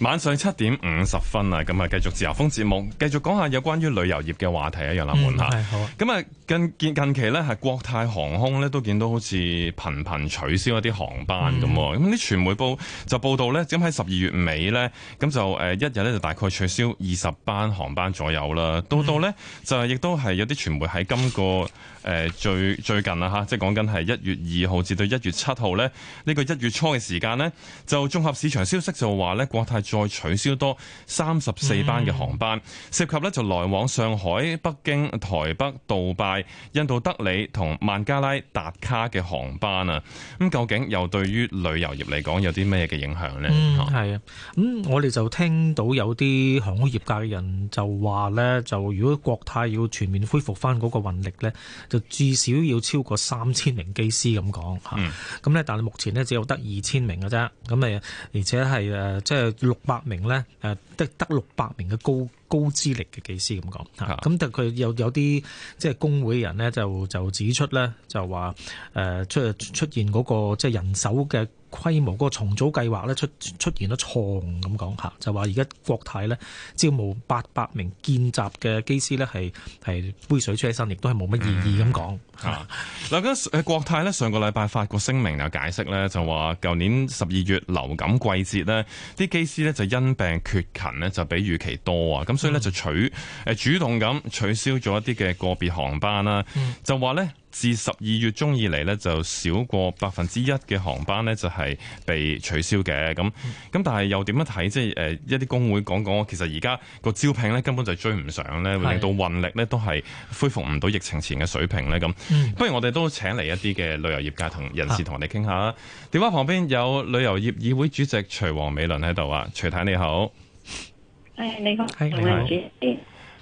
晚上七點五十分啊，咁啊繼續自由風節目，繼續講下有關於旅遊業嘅話題啊，楊立門嚇。咁啊、嗯，近近近期呢，係國泰航空咧都見到好似頻頻取消一啲航班咁，咁啲、嗯、傳媒報就報道呢，咁喺十二月尾呢，咁就誒一日呢，就大概取消二十班航班左右啦。到到呢，就係亦都係有啲傳媒喺今、這個。嗯 誒最最近啦嚇，即係講緊係一月二號至到一月七號呢，呢、呢個一月初嘅時間呢，就綜合市場消息就話呢，國泰再取消多三十四班嘅航班，嗯、涉及呢就來往上海、北京、台北、杜拜、印度德里同孟加拉達卡嘅航班啊。咁究竟又對於旅遊業嚟講有啲咩嘅影響呢？嗯，係啊。咁、嗯、我哋就聽到有啲航空業界嘅人就話呢，就如果國泰要全面恢復翻嗰個運力呢。就至少要超過三千名機師咁講吓，咁咧、嗯、但係目前咧只有得二千名嘅啫，咁誒，而且係誒即係六百名咧誒得得六百名嘅高。高資歷嘅機師咁講嚇，咁但係佢有有啲即係工會人呢就就指出呢，就話誒、呃、出出現嗰個即係人手嘅規模，個重組計劃呢出出，出現咗錯誤咁講嚇，就話而家國泰呢招募八百名見習嘅機師呢係係杯水車薪，亦都係冇乜意義咁講。吓嗱，咁誒、 啊、國泰咧上個禮拜發個聲明嚟解釋咧，就話舊年十二月流感季節咧，啲機師咧就因病缺勤咧就比預期多啊，咁所以咧就取誒、嗯、主動咁取消咗一啲嘅個別航班啦，嗯、就話咧。自十二月中以嚟呢就少過百分之一嘅航班呢就係被取消嘅。咁咁、嗯，但係又點樣睇？即係誒，一啲工會講講，其實而家個招聘呢根本就追唔上呢，是會令到運力呢都係恢復唔到疫情前嘅水平呢咁，嗯、不如我哋都請嚟一啲嘅旅遊業界同人士同我哋傾下。啊、電話旁邊有旅遊業議會主席徐王美倫喺度啊，徐太，太你好。你好。係你，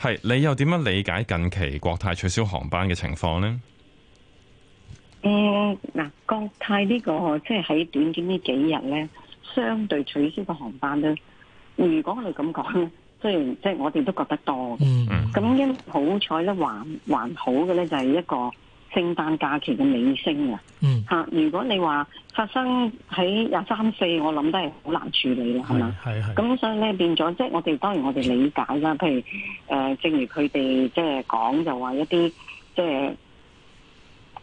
好你又點樣理解近期國泰取消航班嘅情況呢？嗯，嗱，國泰呢、這個即係喺短短呢幾日咧，相對取消嘅航班咧，如果我哋咁講，雖然即係我哋都覺得多嘅，咁、嗯、因好彩咧，還還好嘅咧就係、是、一個聖誕假期嘅尾聲、嗯、啊，吓！如果你話發生喺廿三四，24，我諗都係好難處理啦，係嘛？係啊，咁所以咧變咗，即係我哋當然我哋理解啦。譬如誒、呃，正如佢哋即係講，就話一啲即係。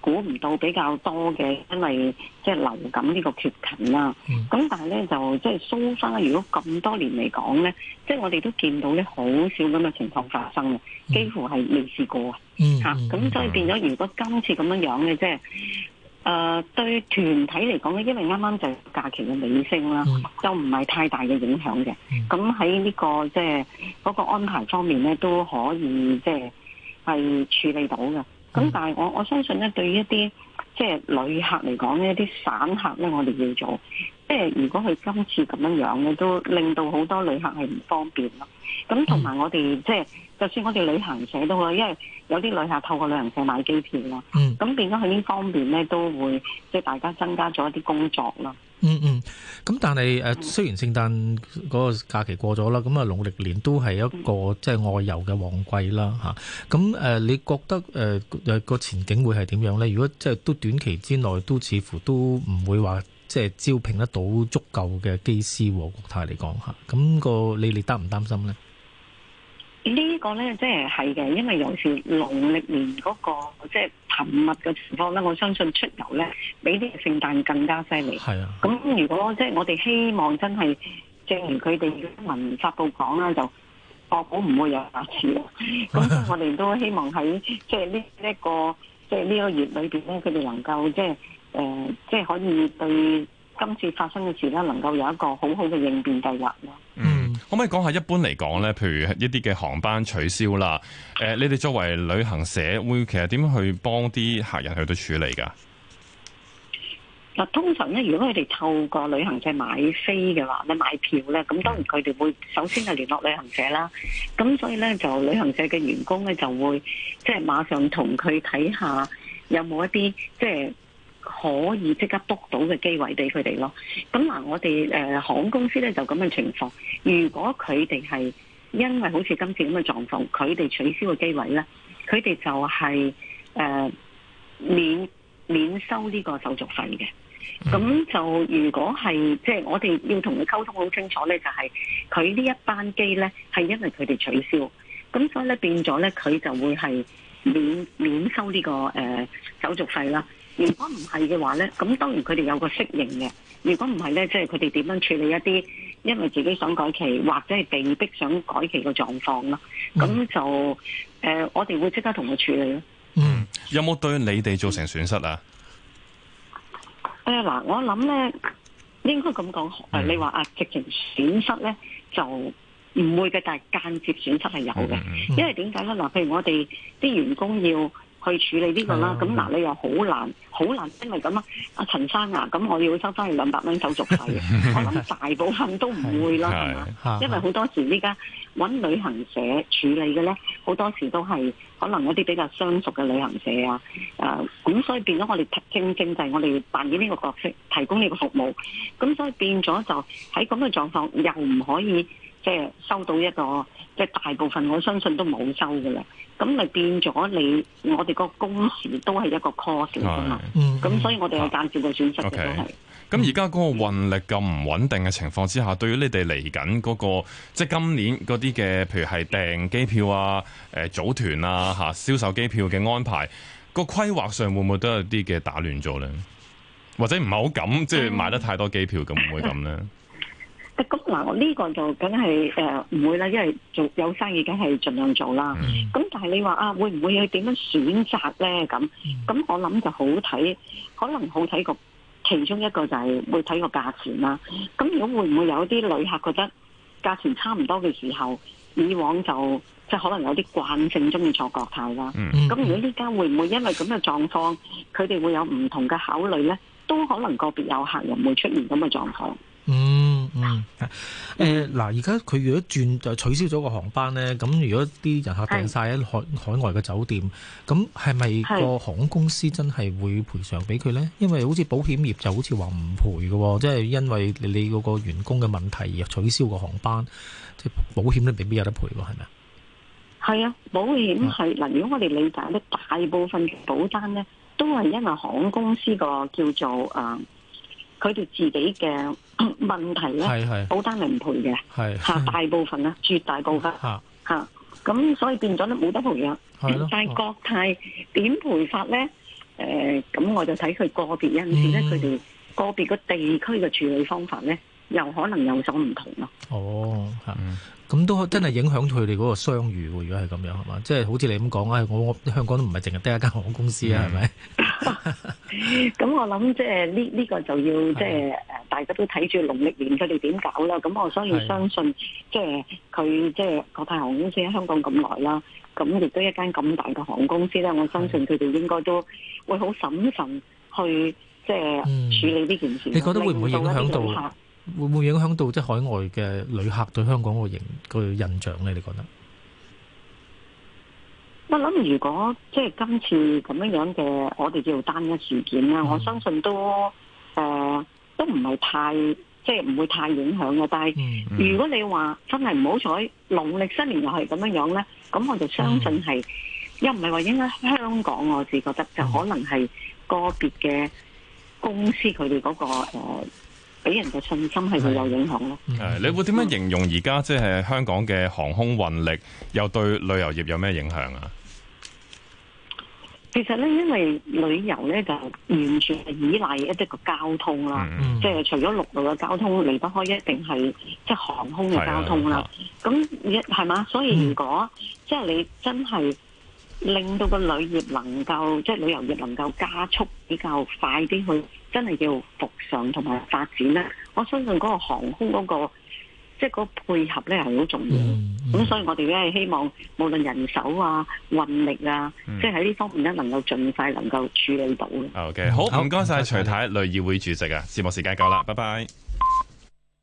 估唔到比較多嘅，因為即係流感個、嗯、呢個缺勤啦。咁但係咧就即係蘇花，如果咁多年嚟講咧，即係我哋都見到咧，好少咁嘅情況發生嘅，幾乎係未試過、嗯嗯、啊。嚇咁所以變咗，如果今次咁樣樣咧，即係誒對團體嚟講咧，因為啱啱就假期嘅尾聲啦，就唔係太大嘅影響嘅。咁喺呢個即係嗰、嗰個安排方面咧，都可以即係係處理到嘅。咁、嗯、但係我我相信咧，對於一啲即係旅客嚟講，一啲散客咧，我哋要做。即係如果佢今次咁樣樣，佢都令到好多旅客係唔方便咯。咁同埋我哋、嗯、即係，就算我哋旅行社都好啦，因為有啲旅客透過旅行社買機票咯。嗯。咁變咗佢呢方面咧，都會即係大家增加咗一啲工作咯。嗯嗯，咁、嗯、但係誒，雖然聖誕嗰個假期過咗啦，咁啊農曆年都係一個即係外遊嘅旺季啦，吓、啊、咁、啊、誒你覺得誒誒、啊那個前景會係點樣咧？如果即係都短期之內都似乎都唔會話即係招聘得到足夠嘅機師和國泰嚟講吓，咁、啊那個你哋擔唔擔心咧？個呢個咧即係係嘅，因為有時、那個就是農曆年嗰個即係。沉默嘅情況咧，我相信出遊咧比啲聖誕更加犀利。係啊，咁如果即係我哋希望真係，正如佢哋新聞發佈講啦，就確保唔會有下次啦。咁 我哋都希望喺即係呢一個即係呢個月裏邊咧，佢哋能夠即係誒，即係、呃、可以對今次發生嘅事咧，能夠有一個好好嘅應變計劃。可唔可以講下一般嚟講呢？譬如一啲嘅航班取消啦，誒、呃，你哋作為旅行社會其實點去幫啲客人去到處理噶？嗱，通常呢，如果佢哋透過旅行社買飛嘅話，咧買票呢，咁當然佢哋會首先係聯絡旅行社啦。咁所以呢，就旅行社嘅員工呢，就會即係馬上同佢睇下有冇一啲即係。可以即刻 book 到嘅機位俾佢哋咯。咁嗱，我哋誒航空公司咧就咁嘅情況，如果佢哋係因為好似今次咁嘅狀況，佢哋取消嘅機位咧，佢哋就係、是、誒、呃、免免收呢個手續費嘅。咁就如果係即係我哋要同佢溝通好清楚咧，就係佢呢一班機咧係因為佢哋取消，咁所以咧變咗咧佢就會係免免收呢、這個誒、呃、手續費啦。如果唔係嘅話咧，咁當然佢哋有個適應嘅。如果唔係咧，即係佢哋點樣處理一啲因為自己想改期或者係被逼想改期嘅狀況咯。咁就誒、嗯呃，我哋會即刻同佢處理咯。嗯，有冇對你哋造成損失啊？誒嗱，我諗咧，應該咁講誒，你話啊直情損失咧就唔會嘅，但係間接損失係有嘅。因為點解咧？嗱，譬如我哋啲員工要。去處理呢、呢個啦，咁嗱你又好難，好難，因為咁啊，阿陳生啊，咁我哋要收翻佢兩百蚊手續費， 我諗大部分都唔會啦， 因為好多時而家揾旅行社處理嘅咧，好多時都係可能一啲比較相熟嘅旅行社啊，誒、呃，咁所以變咗我哋正正就係，我哋扮演呢個角色，提供呢個服務，咁所以變咗就喺咁嘅狀況，又唔可以。即係收到一個，即係大部分我相信都冇收嘅啦。咁咪變咗你，我哋個工時都係一個 cost 嘛。嗯是，咁所以我哋有間接嘅損失嘅都係。咁而家嗰個運力咁唔穩定嘅情況之下，對於你哋嚟緊嗰個，即係今年嗰啲嘅，譬如係訂機票啊、誒、呃、組團啊、吓銷售機票嘅安排，個規劃上會唔會都有啲嘅打亂咗咧？或者唔係好咁，嗯、即係買得太多機票，咁唔會咁咧？ 咁嗱，呢個就梗係誒唔會啦，因為做有生意梗係盡量做啦。咁、嗯、但係你話啊，會唔會去點樣選擇咧？咁、嗯、咁、嗯、我諗就好睇，可能好睇個其中一個就係會睇個價錢啦。咁如果會唔會有啲旅客覺得價錢差唔多嘅時候，以往就即係可能有啲慣性中意坐國泰啦。咁、嗯嗯、如果依家會唔會因為咁嘅狀況，佢哋會有唔同嘅考慮咧？都可能個別有客人會出現咁嘅狀況。嗯。嗯，誒、嗯，嗱，而家佢如果轉就取消咗個航班咧，咁如果啲人客訂晒喺海海外嘅酒店，咁係咪個航空公、公司真係會賠償俾佢咧？因為好似保險業就好似話唔賠嘅，即、就、係、是、因為你嗰個員工嘅問題而取消個航班，即係保險都未必有得賠，係咪啊？係啊，保險係嗱，啊、如果我哋理解咧，大部分保單咧都係因為航空公司個叫做誒。呃佢哋自己嘅 問題咧，係係保單係唔賠嘅，嚇是是 大部分咧， 絕大部分嚇嚇，咁、 啊、所以變咗咧冇得賠啦。的嗯、但係國泰點賠法咧？誒、呃，咁我就睇佢個別人士咧，佢哋、嗯、個別個地區嘅處理方法咧。又可能有所唔同咯。哦，嚇，咁、嗯、都真係影響佢哋嗰個商譽喎。如果係咁樣，係嘛？即、就、係、是、好似你咁講啊，我香港都唔係淨係得一間航空公司啊，係咪？咁我諗即係呢呢個就要即係誒，大家都睇住農曆年佢哋點搞啦。咁我所以相信，的即係佢即係國泰航空公司喺香港咁耐啦。咁亦都一間咁大嘅航空公司咧，的我相信佢哋應該都會好審慎去即係處理呢件事。的嗯、你覺得會唔會影響到會唔會影響到即係海外嘅旅客對香港個形個印象咧？你覺得？我諗如果即係今次咁樣樣嘅，我哋叫單一事件啦，我相信都誒都唔係太即係唔會太影響嘅。但係如果你話真係唔好彩，農曆新年又係咁樣樣咧，咁我就相信係又唔係話影響香港，我自己覺得就可能係個別嘅公司佢哋嗰個誒。俾人嘅信心係會有影響咯。誒、嗯，嗯、你會點樣形容而家，即係香港嘅航空運力，又對旅遊業有咩影響啊？其實咧，因為旅遊咧就完全係依賴一啲個交通啦，即係除咗陸路嘅交通，離唔、嗯、開一定係即係航空嘅交通啦。咁一係嘛，所以如果即係、嗯、你真係令到個旅業能夠，即、就、係、是、旅遊業能夠加速比較快啲去。真係要復上同埋發展咧，我相信嗰個航空嗰、那個即係嗰配合咧係好重要。咁、mm hmm. 所以我哋咧係希望無論人手啊、運力啊，mm hmm. 即係喺呢方面咧能夠盡快能夠處理到嘅。O、okay. K，好唔該晒徐太，旅議會主席啊，節目時間夠啦，拜拜。